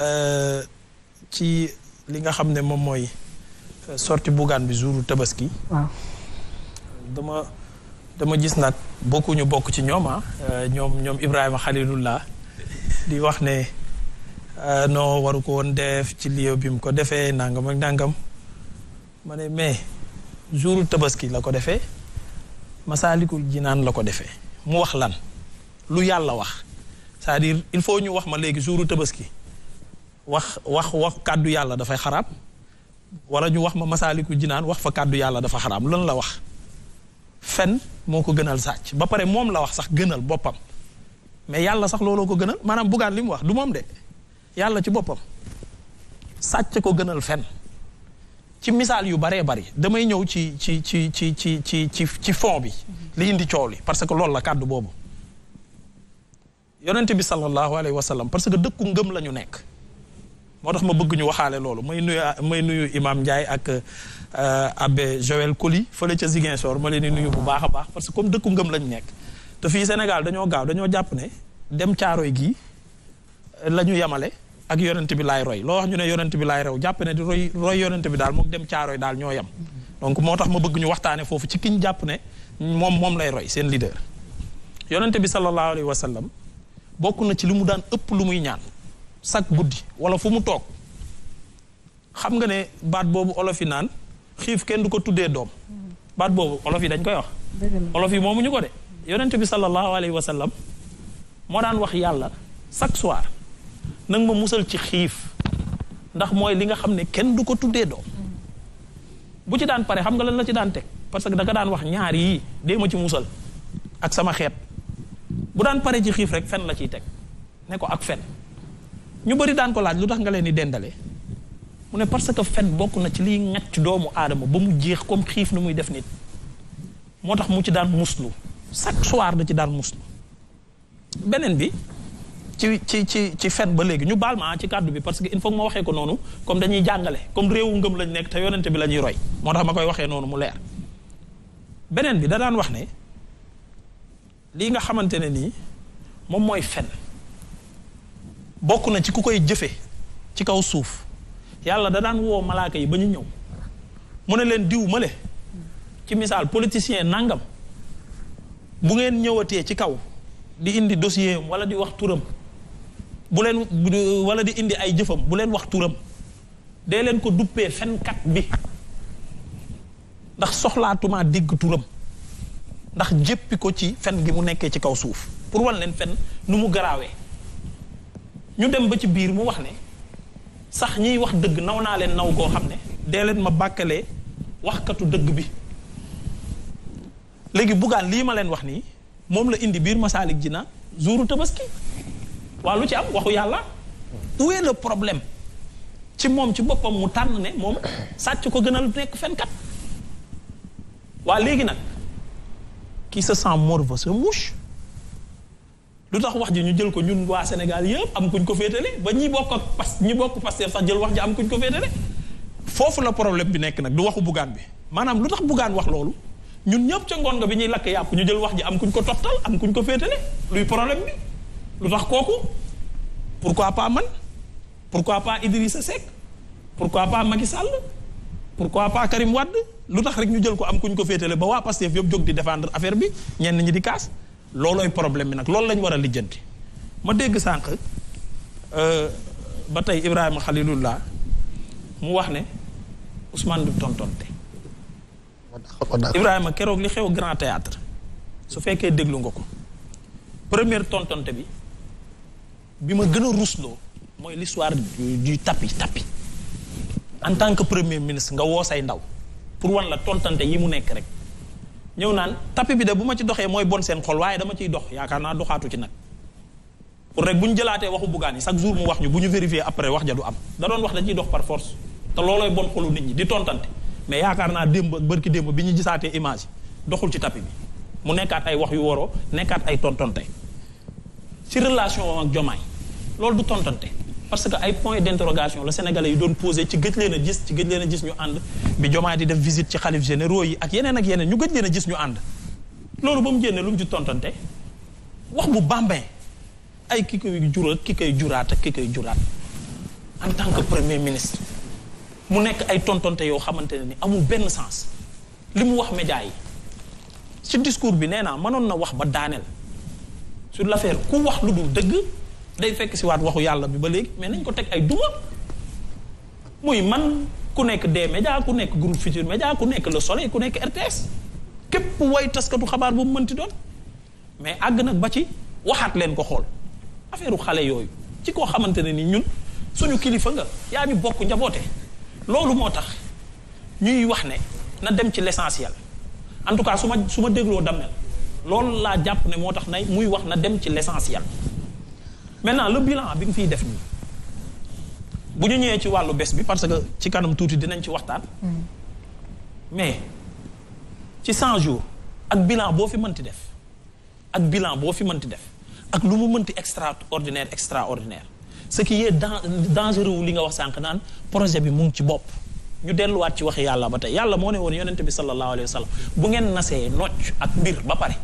Euh, ci li nga xam ne moom mooy euh, sorti Bougane bi jouru tabaski dama dama gis nag bokkuñu bokk ci ñoom ah euh, ñoom ñoom Ibrahima Khalilullah di wax ne non waru ko woon def ci lio bi mu ko defee nangam nàngam nangam ma ne mais jouru tabaski la ko defee masaalikul jinaan la ko defee mu wax lan lu yàlla wax saa à il faut ñu wax ma léegi jouru tabaski wax wax wax kàddu yàlla dafay xaraam wala ñu wax ma masaaliku jinaan wax fa kàddu yàlla dafa xaraam lan la wax fen moo ko gënal sàcc ba pare moom la wax sax gënal boppam mais yàlla sax looloo ko gënal maanaam bugaan li mu wax du moom de yàlla ci boppam sàcc ko gënal fen ci misaal yu baree bari damay ñëw ci ci ci ci ci ci ci ci fond bi li indi coow li parce que loolu la kàddu boobu yonent bi sallallahu alayhi wa sallam parce que dëkku ngëm la ñu nekk moo tax ma bëgg ñu waxaale loolu may nuyu may nuyu Imam Ndiaye ak euh, abbé Joël fa fële ca Ziguinchor ma leen di nuyu bu baaxa baax parce que comme dëkku ngëm lañ nekk te fii Sénégal dañoo gaaw dañoo jàpp ne dem caaroy gii euh, la ñu yemale ak yonent bi laay roy loo wax ñu ne yonent bi laay rew jàpp ne di roy roy yonent bi daal moom dem caaroy daal ñoo yam donc moo tax ma bëgg ñu waxtaane foofu ci kiñ jàpp ne moom moom lay roy seen leader yonent bi sallallahu alayhi wa bokk na ci li mu daan ëpp lu muy ñaan chaque guddi wala fu mu toog xam nga ne baat boobu olof yi naan xiif kenn du ko tuddee doom baat boobu olof yi dañ koy wax olof yi ñu ko de yonent bi sallallahu alayhi wa sallam moo daan wax yàlla chaque soir nag ma musal ci xiif ndax mooy li nga xam ne kenn du ko tuddee doom bu ci daan pare xam nga lañ la ci daan teg parce que da nga daan wax ñaar yii dee ma ci musal ak sama xeet bu daan pare ci xiif rek fen la ciy teg ne ko ak fen ñu bëri daan ko laaj lu tax nga leen di dendale mu ne parce que fen bokk na ci liy ŋacc doomu aadama ba mu jeex comme xiif nu muy def nit moo tax mu ci daan muslu chaque soir da ci daan muslu beneen bi ci ci ci ci fen ba léegi ñu baal ma ah ci kàddu bi parce que il faut ma waxee ko noonu comme dañuy jàngale comme réewu ngëm lañ nekk te yonente bi la ñuy roy moo tax ma koy waxee noonu mu leer beneen bi da daan wax ne lii nga xamante ne nii moom mooy fen bokk na ci ku koy jëfe ci kaw suuf yàlla da daan woo malaaka yi ba ñu ñëw mu ne leen diw male ci misaal politicien nangam bu ngeen ñëwatee ci kaw di indi dossier am wala di wax turam bu leen wala di indi ay jëfam bu leen wax turam dee leen ko duppee fenkat bi ndax soxlaatuma digg turam ndax jéppi ko ci fen gi mu nekkee ci kaw suuf pour wan leen fen nu mu garaawee ñu dem ba ci biir mu wax ne sax ñiy wax dëgg naw naa leen naw goo xam ne dee leen ma bàkkalee waxkatu dëgg bi léegi buggaan lii ma leen wax nii moom la indi biir masaalik ji na zuuru tabaski waa lu ci am waxu yàlla où est le ci moom ci boppam mu tànn ne moom sàcc ko gënal nekk fenkat waa léegi nag qui sa sent morveux se mouche lu tax wax ji ñu jël ko ñun waa Sénégal yëpp am kuñ ko féetale ba ñi bokk ak pas ñi bokk Pastef sax jël wax ji am kuñ ko féetale foofu la problème bi nekk nag du waxu bugaan bi maanaam lu tax bugaan wax loolu ñun ñëpp ca ngoon nga bi ñuy lakk yàpp ñu wax ji am kuñ ko tottal am kuñ ko féetale luy problème bi lu tax kooku pour quoi pas man pour pourquoi pas Idrissa Seck pourquoi pas Macky Sall pourquoi pas Karim Wade lu tax rek ñu jël ko am kuñ ko féetale ba waa Pastef yëpp jóg di défendre affaire bi ñenn ñi di kaas loolooy problème bi nag loolu lañ war a lijjanti ma dégg sànq euh, ba tey Ibrahima Khalilullah mu wax ne Ousmane du tontonte Ibrahima keroog li xew Grand Théâtre su fekkee déglu nga ko première tontonte bi bi ma gën a rusloo mooy l'histoire du tappi tapis en tant que premier ministre nga woo say ndaw pour wan la tontante yi mu nekk rek ñëw naan tapis bi de bu ma ci doxee mooy bon seen xol waaye dama ciy dox yaakaar naa doxaatu ci nag pour rek bu ñu jëlaatee waxu Bougane yi chaque jour mu wax ñu bu ñu vérifier après wax ja am da doon wax da ciy dox par force te loolooy bon xolu nit ñi di tontante mais yaakaar naa démb ak bërki démb bi ñu gisaatee image doxul ci tapis bi mu nekkaat ay wax yu waroo nekkaat ay tontante ci relation ak Jomaay loolu du tontante parce que ay point d' interrogation la sénégalais yi doon posé ci gëj leen a gis ci gëj leen a gis ñu ànd bi jomaa di def visite ci xalif généraux yi ak yeneen ak yeneen ñu gëj leen a gis ñu ànd loolu ba mu génne lu mu ci tontante wax bu bambin ay ki koy jural ki koy juraat ak ki koy juraat en tant que premier ministre mu nekk ay tontonte yoo xamante ne ni amul benn sens li mu wax média yi ci discours bi nee naa mënoon na wax ba daaneel sur l'affaire ku wax lu dul dëgg day fekk si waat waxu yàlla bi ba léegi mais nañ ko teg ay duma muy man ku nekk des médias ku nekk groupe futur média ku nekk la soleil ku nekk RTS képp way taskatu xabaar bu mu mënti doon mais àgg nag ba ci waxaat leen ko xool affaireu xale yooyu ci koo xamante ne ni ñun suñu kilifa nga yaa ñu bokk njaboote loolu moo tax ñuy wax ne na dem ci l'essentiel en tout cas su ma su ma dégloo dam dammel loolu laa jàpp ne moo tax nay muy wax na dem ci l'essentiel maintenant le bilan bi nga fiy def nii bu ñu ñëwee ci wàllu bes bi parce que ci kanam tuuti dinañ ci waxtaan. mais ci 100 jours ak bilan boo fi mënti def ak bilan boo fi mënti def ak lu mu mënti extraordinaire extraordinaire ce qui est dangereux li nga wax sànq naan projet bi mu ngi ci bopp. ñu delluwaat ci waxi yàlla ba tey yàlla moo ne woon yonent bi sallallahu alayhi wa bu ngeen nasee nocc ak mbir ba pare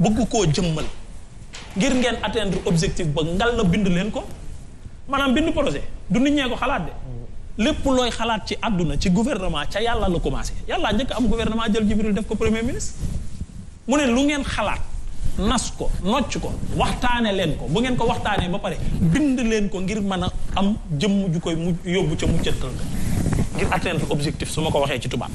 bëgg koo jëmmal. ngir ngeen atteindre objectif ba ngal la bind leen ko maanaam bind projet du nit ñee ko xalaat de lépp looy xalaat ci àdduna ci gouvernement ca yàlla la commencé yàlla njëkk am gouvernement jël Jibril def ko premier ministre mu ne lu ngeen xalaat nas ko nocc ko waxtaane leen ko bu ngeen ko waxtaanee ba pare bind leen ko ngir mën a am jëmm ju koy mu yóbbu ca muccëtal ngir atteindre objectif su ma ko waxee ci tubaab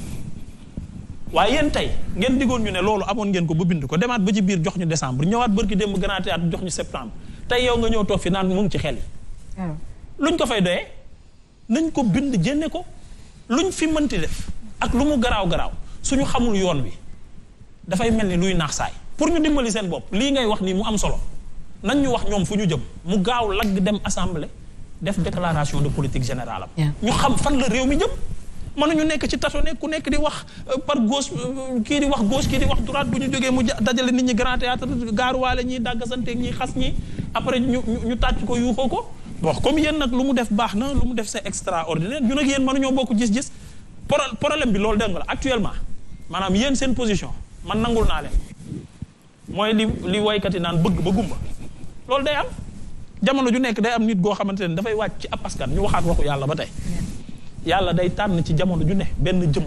waaye yéen tey ngeen digoon ñu ne loolu amoon ngeen ko ba bind ko demaat ba ci biir jox ñu décembre ñëwaat bërki démb grand at jox ñu septembre tey yow nga ñëw toog fi naan mu ngi ci xel yi luñ ko fay doyee nañ ko bind jénne ko luñ fi mënti def ak lu mu garaaw garaaw suñu xamul yoon wi dafay mel ni luy naax saay pour ñu dimbali seen bopp lii ngay wax nii mu am solo nañ ñu wax ñoom fu ñu jëm mu gaaw lagg dem assemblée def déclaration de politique générale am xam fan la réew mi jëm mënuñu nekk ci tato ne ku nekk di wax euh, par gauche euh, kii di wax gauche kii di wax droite bu ñu jógee mu dajale nit ñi grand théâtre gaaruwaale ñiy dàggasanteeg ñiy xas ñi après ñu ñu tàcc ko yuuxoo ko bon comme yéen nag lu mu def baax na lu mu def c'est extraordinaire ñu nag yéen mënuñoo bokk gis-gis problème bi loolu dégg nga la maanaam yéen seen position man nangul naa leen mooy li li woykat yi naan bëgg ba gumba loolu day am jamono ju nekk day am nit goo xamante ne dafay wàcc ci ab askan ñu waxaat waxu yàlla ba tey yàlla day tànn ci jamono ju ne benn jëm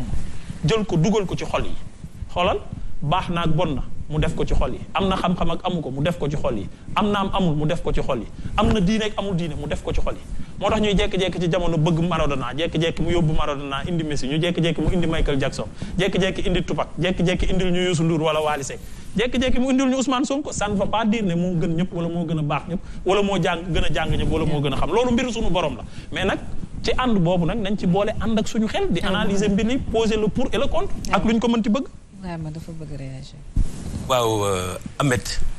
jël ko dugal ko ci xol yi xoolal baax na ak bon na mu def ko ci xol yi am na xam-xam ak amu ko mu def ko ci xol yi am naa am amul mu def ko ci xol yi am na diine ak amul diine mu def ko ci xol yi moo tax ñuy jékki-jékki ci jamono bëgg Maradona jékki-jékki mu yóbbu Maradona indi Messi ñu jékki-jékki mu indi Michael Jackson jékki-jékki indi Tupac jékki-jékki indil ñu Youssou Ndour wala Wally Seck jékki-jékki mu indil ñu Ousmane Sonko ça ne veut pas dire ne ñëpp wala moo gën baax ñëpp wala moo jàng gën a jàng ñëpp wala moo gën a loolu mbiru sunu borom la mais nag ci ànd boobu nag nañ ci boole ànd ak suñu xel di analyser mbir yi la le pour et le contre ak lu ñu ko mënti bëgg waaw euh, Ahmed